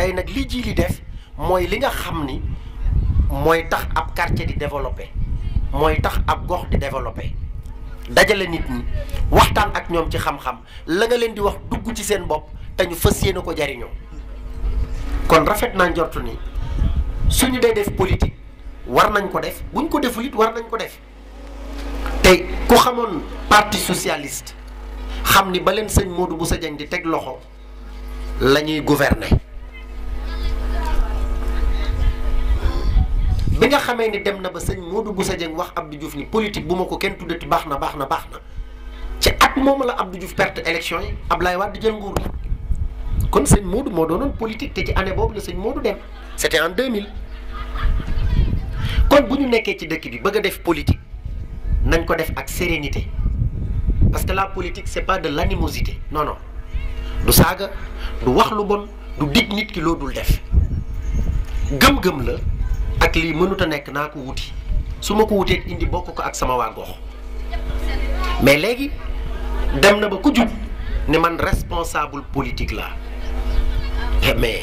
tey nag li ji li def mooy li nga xam ni mooy tax ab quartier di développé mooy tax ab gox di développé dajale nit ñi waxtaan ak ñoom ci xam-xam la nga leen di wax dugg ci seen bopp te ñu fas yéene ko jariñoo kon rafet naa njortu ni suñu dee def politique war nañ ko def buñ ko deful it war nañ ko def te ku xamoon parti socialiste xam ni ba leen sëñ Modou sa jañ di teg loxo la ñuy gouverner. bi nga xamee ni dem na ba sëñ Modou Boussa Dieng wax Abdou Diouf ni politique bu ma ko kenn tuddati baax na baax na baax na ci at moom la Abdou Diouf perte élection yi Ablaye Wade jël nguur gi kon sëñ Modou moo doonoon politique te ci année boobu la sëñ Modou dem c'était en 2000 kon bu ñu nekkee ci dëkk bi bëgg a def politique nañ ko def ak sérénité parce que la politique c'est pas de l'animosité non non du saaga du wax lu bon du dig nit ki loo dul def gëm-gëm la. ak lii mënut a nekk naa ko wuti su ma ko wutee indi bokk ko ak sama waa gox mais léegi dem na ba ku jub ne man responsable politique la eh, mais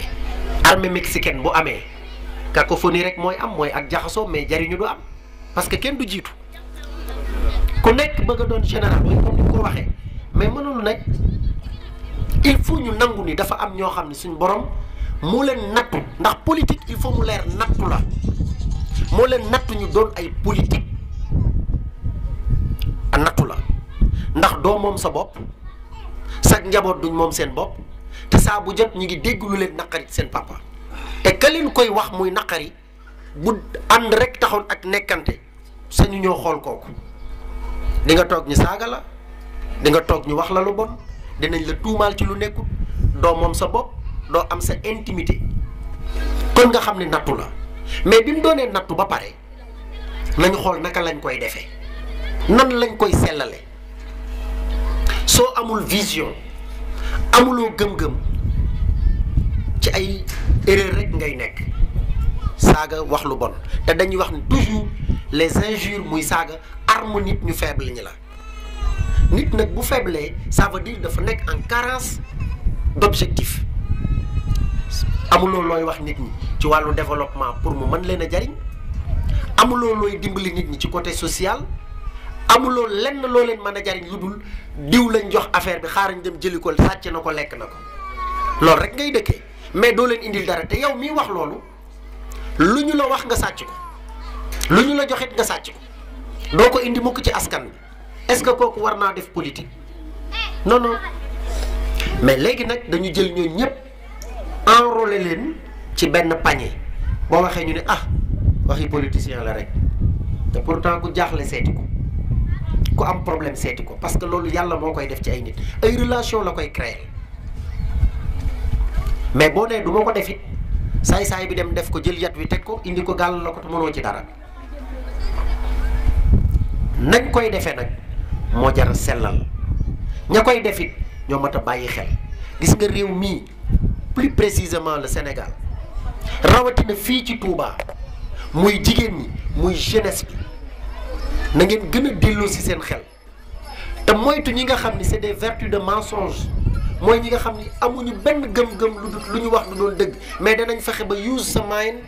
armée mexicaine bu amee cacophonie rek mooy am mooy ak jaxasoo mais jariñu du am parce que kenn du jiitu ku nekk bëgg a doon général mooy mais mënul nekk il faut ñu nangu ni dafa am ñoo xam ne suñ borom moo leen nattu ndax politique il faut mu leer nattu la moo leen nattu ñu doon ay politique a nattu la ndax doo moom sa bopp sa njaboot duñ moom seen bopp te saabu bu jot ñu ngi dégg lu leen naqari seen papa te ka koy wax muy naqari bu ànd rek taxoon ak nekkante sañu ñoo xool kooku di toog ñu saaga la di toog ñu wax la lu bon dinañ la tuumaal ci lu nekkul doo moom sa bopp doo am sa intimité kon nga xam ne nattu la mais bi mu doonee nattu ba pare nañu xool naka lañ koy defee nan lañ koy sellale soo amul vision amuloo gëm-gëm ci ay erreur rek ngay nekk saaga wax lu bon te dañuy wax ni toujours les injures muy saaga arme nit ñu faible ñi la nit nag bu faible ça veut dire dafa nekk en carence d'objectif amuloo looy wax nit ñi ci wàllu développement pour mu mën leen a jariñ amuloo looy dimbali nit ñi ci côté social amuloo lenn loo leen mën a jariñ lu dul diw lañ jox affaire bi xaarañ dem jëli ko sàcc na ko lekk na ko loolu rek ngay dëkkee mais doo leen indil dara te yow miy wax loolu lu ñu la wax nga sàcc ko lu ñu la joxit nga sàcc ko doo ko indi mukk ci askan bi est-ce que kooku war naa def politique non mais léegi nag dañu jël ñooñu ñëpp. enrôler leen ci benn panier boo waxee ñu ne ah waxi politicien la rek te pourtant ku jaaxle seeti ko ku am problème seeti ko parce que loolu yàlla moo koy def ci ay nit ay relation la koy créer mais boo nee du ko def it saay-saay bi dem def ko jël yat wi teg ko indi ko gàll la ko te mënoo ci dara nañ koy defee nag moo jar a sellal ña koy def it ñoo mat a bàyyi xel gis nga réew mii plus précisément le Sénégal rawatina fii ci Touba muy jigéen ñi muy jeunesse bi na ngeen gën a dellu si seen xel te moytu ñi nga xam ni c'est des vertus de mensonge mooy ñi nga xam ni amuñu benn gëm-gëm lu ñu wax lu doon dëgg mais danañ fexe ba use sa mind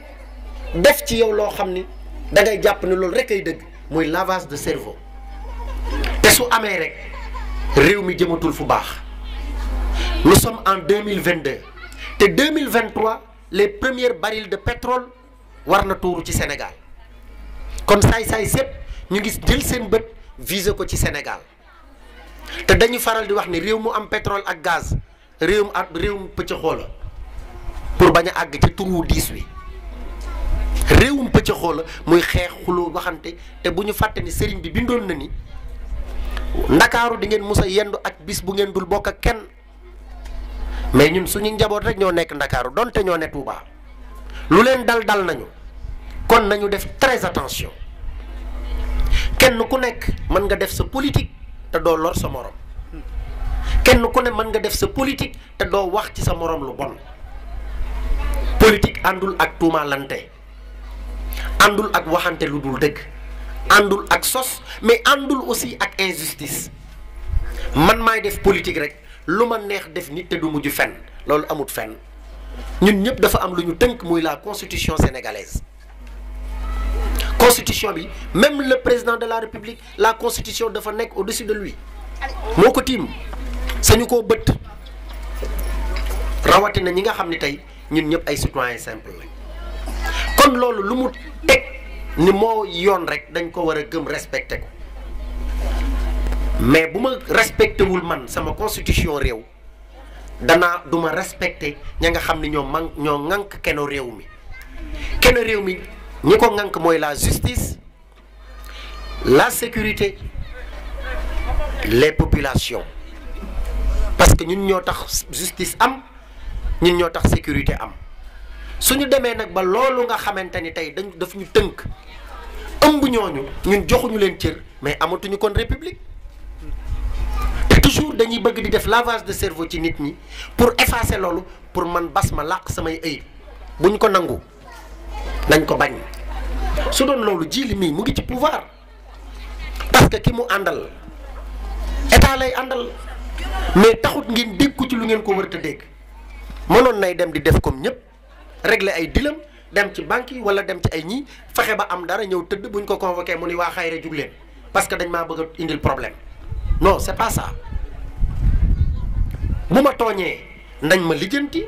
def ci yow loo xam ni da ngay jàpp ne loolu rek ay dëgg muy lavage de cerveau te su amee rek réew mi jëmatul fu baax nous sommes en deux mille vingt-deux te 2023 les premiers barils de pétrole war na tuuru ci Sénégal kon saay-saay sépp ñu ngi jël seen bët viser ko ci Sénégal te dañu faral di wax ni réew mu am pétrole ak gaz réewum at réewum pëcc xoola pour bañ a àgg ci turu diis wi réewum pëcc xoola muy xeex xuloo waxante te bu ñu fàtte ni sëriñ bi bindoon na ni ndakaaru di ngeen mus a yendu ak bis bu ngeen dul bokk ak kenn mais ñun suñu njaboot rek ñoo nekk ndakaaru donte ñoo ne Touba lu leen dal dal nañu kon nañu def très attention kenn ku nekk mën nga def sa politique te doo lor sa morom kenn ku ne mën nga def sa politique te doo wax ci sa morom lu bon politique àndul ak tuumaalante àndul ak waxante lu dul dëgg àndul ak sos mais àndul aussi ak injustice man maay def politique rek. lu ma neex def nit te du mujj fen loolu amut fenn ñun ñëpp dafa am lu ñu tënk muy la constitution sénégalaise constitution bi même le président de la république la constitution dafa nekk au-dessus de lui moo ko tiim sañu koo bëtt rawatina ñi nga xam ni tey ñun ñëpp ay citoyens simple lañ kon loolu lu mu teg ni moo yoon rek dañ ko war a gëm respecté ko mais bu ma respecté wul man sama constitution réew danaa du ma respecté ña nga xam ni ñoo man ñoo ŋànk keno réew mi keno réew mi ñi ko ŋànk mooy la justice la sécurité les populations parce que ñun ñoo tax justice am ñun ñoo tax sécurité am suñu demee nag ba loolu nga xamante ni tey dañ daf ñu tënk ëmb ñooñu ñun joxuñu leen cër mais amatuñu kon république toujours dañuy bëgg di def lavage de cerveau ci nit ñi pour effacer loolu pour man bas ma làq samay ayib buñ ko nangu dañ ko bañ su doon loolu jiili mii mu ngi ci pouvoir parce que ki mu àndal état lay àndal mais taxut ngeen dégg ko ci lu ngeen ko wër dégg mënoon nay dem di def comme ñëpp régler ay dilam dem ci banque yi wala dem ci ay ñii fexe ba am dara ñëw tëdd buñ ko convoqué mu ni waa xayre jug leen parce que dañ maa bëgg indil problème non c'est pas bu ma tooñee nañ ma lijjanti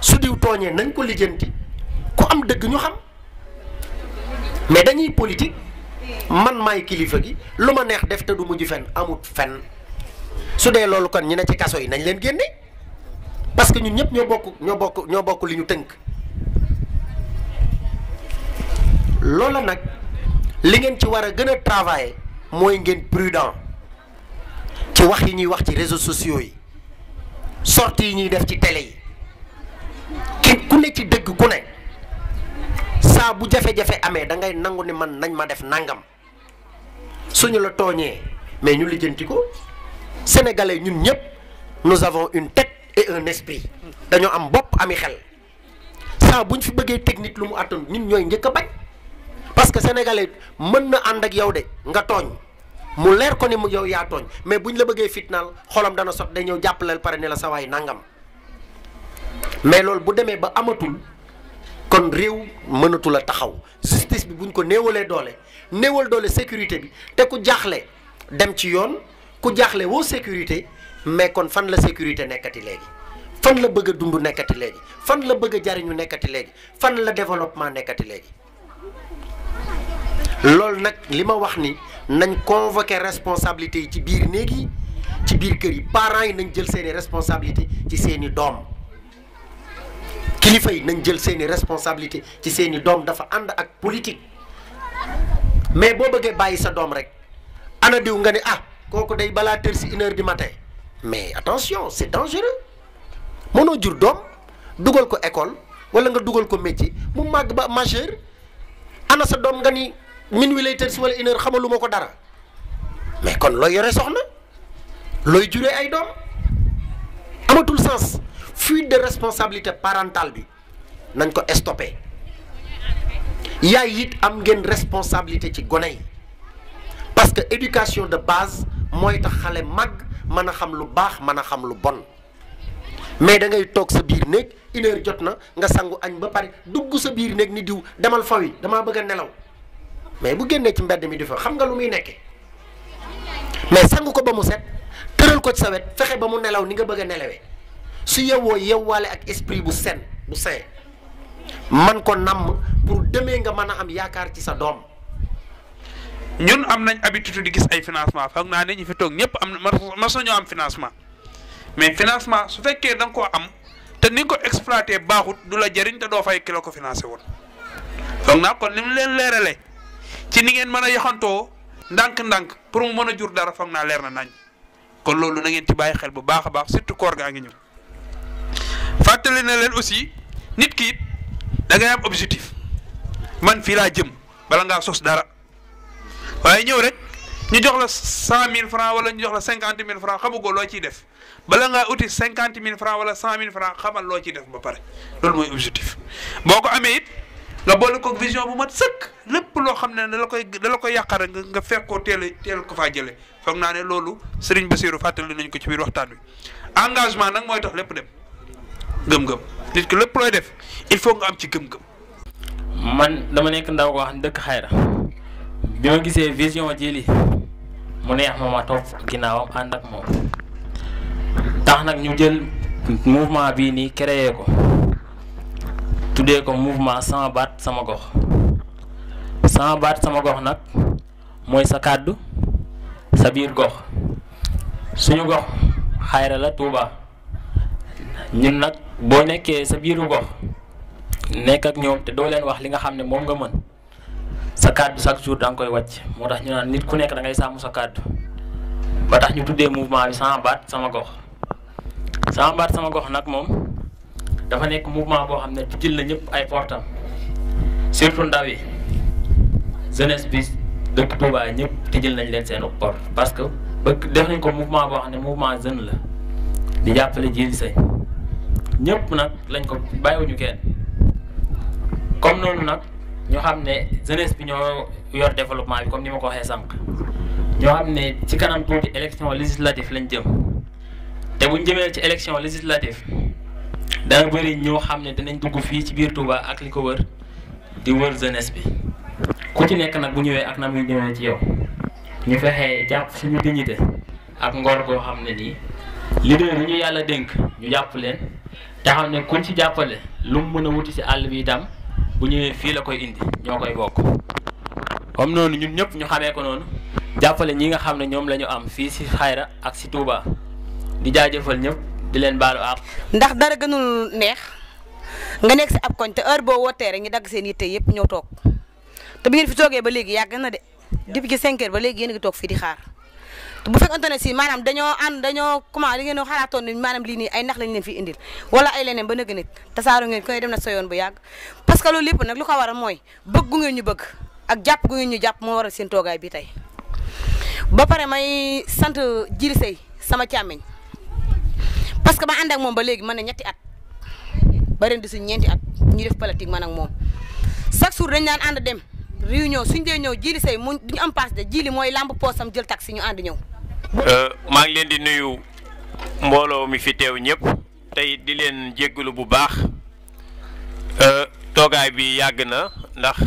su diw tooñee nañ ko lijjanti ku am dëgg ñu xam mais dañuy politique man may kilifa gi lu ma neex def te du mujj fen amut fenn su dee loolu kon ñi ne ci kaso yi nañ leen génne parce que ñun ñëpp ñoo bokk ñoo bokk ñoo bokk li ñu tënk loola nag li ngeen ci war a gën a travailler mooy ngeen prudent ci wax yi ñuy wax ci réseau sociaux yi sorties yi ñuy def ci télé yi ki ku ne ci dëgg ku ne saa bu jafe-jafe amee da ngay nangu ni man nañ ma def nangam suñu la tooñee mais ñu lijjanti ko sénégalais ñun ñëpp nous avons une tête et un esprit dañoo am bopp ami xel saa bu ñu fi bëggee technique lu mu attan ñun ñooy njëkk a bañ parce que sénégalais mën na ànd ak yow de nga tooñ. mu leer ko ni mu yow yaa tooñ mais ñu la bëggee fitnaal xolam dana sot day ñëw jàppaleel pare ni la sa waay nangam mais loolu bu demee ba amatul kon réew mënatul a taxaw justice bi buñ ko néewalee doole néewal doole sécurité bi te ku jaaxle dem ci yoon ku jaaxle woo sécurité mais kon fan la sécurité nekkati léegi fan la bëgg a dund nekkati léegi fan la bëgg a jariñu nekkati léegi fan la développement nekkati léegi loolu nag li ma wax ni nañ convoquer responsabilité yi ci biir néeg yi ci biir kër yi parent yi nañ jël seeni responsabilité ci seeni doom kilifa yi nañ jël seeni responsabilité ci seeni doom dafa ànd ak politique mais boo bëggee bàyyi sa doom rek ana diw nga ni ah kooku day balaa tër si une heure du mais attention c'est dangereux mënoo jur doom dugal ko école wala nga dugal ko métier mu màgg ba majeur ana sa doom nga ni minuit lay tëdd si wala une heure xamaluma ko dara mais kon looy yore soxna looy juree ay doom amatul sens fuite de responsabilité parentale bi nañ ko stoppé yaay it am ngeen responsabilité ci gone yi parce que éducation de base mooy tax xale màgg mën a xam lu baax mën a xam lu bon mais da ngay toog sa biir néeg une jot na nga sangu añ ba pare dugg sa biir néeg ni diw demal fawi damaa bëgg a nelaw mais bu génnee ci mbedd mi di fa xam nga lu muy nekkee mais sangu ko ba mu set tëral ko ci sa wet fexe ba mu nelaw ni nga bëgg a nelawee su yewwoo yewwaale ak esprit bu sen bu sain man ko namm pour demee nga mën a am yaakaar ci sa doom. ñun am nañ habitude di gis ay financement foog naa ne ñu fi toog ñëpp am mas nañoo am financement mais financement su fekkee da nga koo am te ni nga ko exploité baaxut du la jëriñ te doo fay kilo ko financé woon foog leen leeralee ci ni ngeen mën a yaxantoo ndànk-ndànk pour mu mën a jur dara foog naa leer na nañ kon loolu na ngeen ci bàyyi xel bu baax a baax surtout koor gaa ngi ñëw fàttali na leen aussi nit ki it da am objectif man fii laa jëm bala ngaa sos dara waaye ñëw rek ñu jox la cent mille franc wala ñu jox la cinquante mille franc xamugoo loo ciy def bala ngaa uti cinquante mille franc wala cent mille franc xamal loo ciy def ba pare loolu mooy objectif boo ko amee it nga boole ko vision bu mat sëkk lépp loo xam ne da koy dala koy yàqar nga nga fekk teel teel ko faa jëlee foog naa ne loolu Serigne séeru fàttali nañ ko ci biir waxtaan wi engagement nag mooy tax lépp dem gëm-gëm lépp looy def il faut am ci gëm man dama nekk ndaw koo xam dëkk xayra bi ma gisee vision jili mu neex ma ma topp ginnaawam ànd ak moom tax nag ñu jël mouvement bii nii créé ko. tuddee ko mouvement sama baat sama gox sama baat sama gox nag mooy sa kàddu sa biir gox suñu gox xayra la Touba ñun nag boo nekkee sa biiru gox nekk ak te doo leen wax li nga xam ne moom nga mën sa kàddu chaque jour koy wàcc moo tax ñu nit ku nekk da ngay sàmm sa kàddu ba tax ñu tuddee mouvement bi sama baat gox sama baat sama gox nag moom. dafa nekk mouvement boo xam ne jël la ñëpp ay portam surtout ndaw yi jeunesse bi dëkk Touba ñëpp tijjël nañ leen seen port parce que bëgg def nañ ko mouvement boo xam ne mouvement jeune la di jàppale jili sañ ñëpp nag lañ ko bàyyiwuñu kenn comme noonu nag ñoo xam ne jeunesse bi ñoo yor développement bi comme ni ma ko waxee sànq ñoo xam ne ci kanam tuuti élection législative lañ jëm te buñ jëmee ci élection législative dana bëri ñoo xam ne dinañ dugg fii ci biir Touba ak li ko wër di wër jeunesse bi ku ci nekk nag bu ñëwee ak na muy ñëwee ci yow ñu fexe jàpp suñu dignité ak ngor goo xam ne nii leader yi ñu yàlla dénk ñu jàpp leen te xam ne kuñ ci jàppale lu mu mën a wuti ci àll bi itam bu ñëwee fii la koy indi ñoo koy bokk comme noonu ñun ñëpp ñu xamee ko noonu jàppale ñi nga xam ne ñoom lañu am fii ci xayra ak ci Touba di jaajëfal ñëpp. di leen baalu àq. ndax dara gënul neex nga nekk si ab koñ te heure boo wootee rek ñu dagg seen yitte yëpp ñoo toog te bi ngeen fi toogee ba léegi yàgg na de depuis que 5 heures ba léegi yéen a toog fii di xaar te bu fekkoon ne si maanaam dañoo ànd dañoo comment li ngeen xalaatoon ne maanaam lii nii ay nax lañ leen fi indil wala ay leneen ba nëgg nit tasaaru ngeen koy dem na sa yoon bu yàgg parce que loolu lépp nag lu ko a mooy bëgg gu ngeen ñu bëgg ak jàpp gu ngeen ñu jàpp moo waral seen toogaay bi tey ba pare may sant Jili Sey sama càmmiñ parce que ba àndak moom ba léegi mën na ñetti at ba ren di si ñeenti at ñu def politique man ak moom chaque jour dañu daan ànd dem réunion suñ dee ñëw jiili say mu duñu am paas de jiili mooy lamb poosam jël taxi ñu ànd ñëw. Euh, maa ngi leen di nuyu mbooloo mi fi teew ñëpp tey di leen jéggalu bu baax euh, toogaay bi yàgg na ndax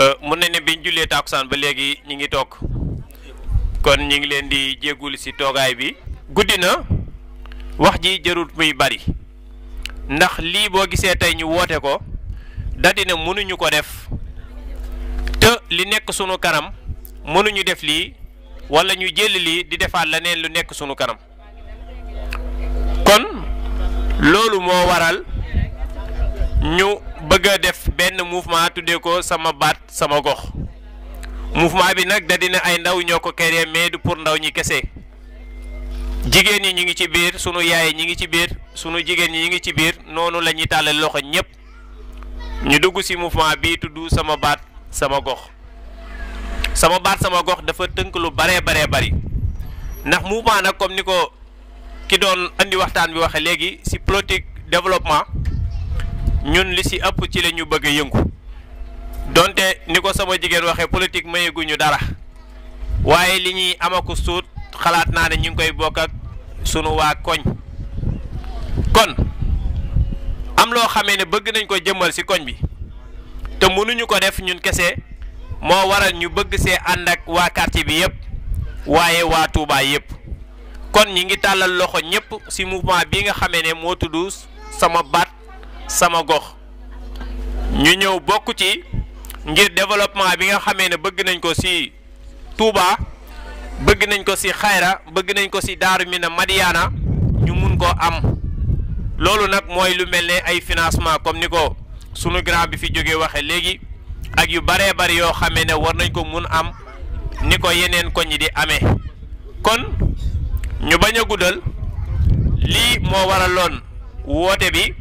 euh, mun na ne biñ jullee taakusaan ba léegi ñu ngi toog kon ñu ngi leen di jéggul si toogaay bi guddi na. wax ji jërut muy bari ndax lii boo gisee tey ñu woote ko dadina mënuñu ko def te li nekk sunu kanam mënuñu def lii walla ñu jël lii di defaat leneen lu nekk sunu kanam kon loolu moo waral ñu bëgg a def benn mouvement tuddee ko sama baat sama gox mouvement bi nag dadina ay ndaw ñoo ko créé mais du pour ndaw ñi kese. jigéen ñi ñu ngi ci biir sunu yaay ñi ngi ci biir sunu jigéen ñi ñu ngi ci biir noonu la ñuy tàllal loxo ñëpp ñu dugg ci mouvement bii tudd sama baat sama gox sama baat sama gox dafa tënk lu baree baree bari ndax mouvement nag comme ni ko ki doon indi waxtaan bi waxe léegi ci politique développement ñun li ci ëpp ci la ñu bëgg yëngu doonte ni ko sama jigéen waxee politique mayeguñu dara waaye li ñuy amaku suut xalaat naa ne ñu ngi koy bokk ak sunu waa koñ kon am loo xame ne bëgg nañ ko jëmmal ci koñ bi te mënuñu ko def ñun kese moo waral ñu bëgg see ànd ak waa quartier bi yépp waaye waa Touba yépp kon ñi ngi tàllal loxo ñépp ci mouvement bi nga xamee ne moo tudd sama baat sama gox ñu ñëw bokk ci ngir développement bi nga xamee ne bëgg nañ ko ci Touba. bëgg nañ ko si xayra bëgg nañ ko si daaru mi na madiyaana ñu mun koo am loolu nag mooy lu mel ne ay financement comme ni ko sunu grand bi fi jógee waxe léegi ak yu baree bari yoo xamee ne war nañ ko mun am ni ko yeneen ko ñi di amee kon ñu bañ a guddal lii moo waraloon woote bi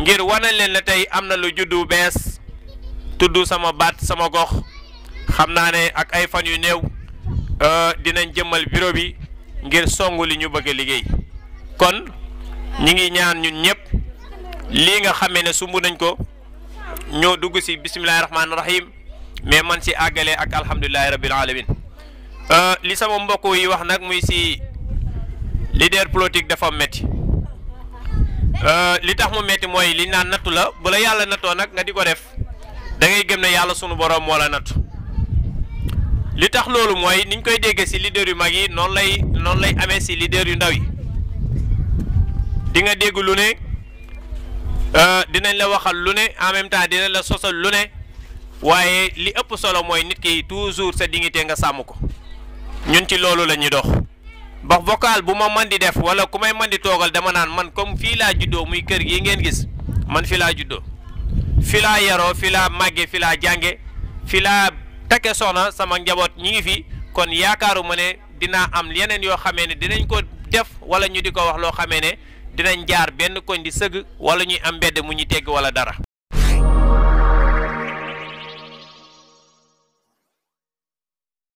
ngir wane leen ne tey am na lu juddu bees tudd sama baat sama gox xam naa ne ak ay fan yu néew Euh, dinañ jëmmal bureau bi ngir songu li ñu bëgg liggéey kon ñu ngi ñaan ñun ñëpp lii nga xamee ne sumb nañ ko ñoo dugg si bisimilahi rahmaani rahim mais man si àggalee ak alhamdulilahi rabbil alamin euh, li sama mbokk yi wax nag muy si leader politique dafa métti euh, li tax mu métti mooy li naan nattu la bu la yàlla nattoo nag nga di ko def da ngay gëm ne yàlla sunu borom moo la nattu li tax loolu mooy niñ koy déggee si leader yu mag yi noonu lay noonu lay amee si leader yu ndaw yi di nga dégg lu ne euh, dinañ la waxal lu ne en même temps dinañ la sosal lu ne waaye li ëpp solo mooy nit ki toujours sa dignité nga sàmm ko ñun ci loolu la ñuy dox ba vocal bu ma mën di def wala ku may mën di toogal dama naan man comme fii laa juddoo muy kër gi ngeen gis man fi laa juddoo fi laa yaroo fi laa màgge fi laa jànge fi laa takke soxna sama njaboot ñi ngi fi kon yaakaaruma ne dinaa am yeneen yoo xamee ne dinañ ko def wala ñu di ko wax loo xamee ne dinañ jaar benn koñ di sëgg wala ñuy am mbedd mu ñu tegg wala dara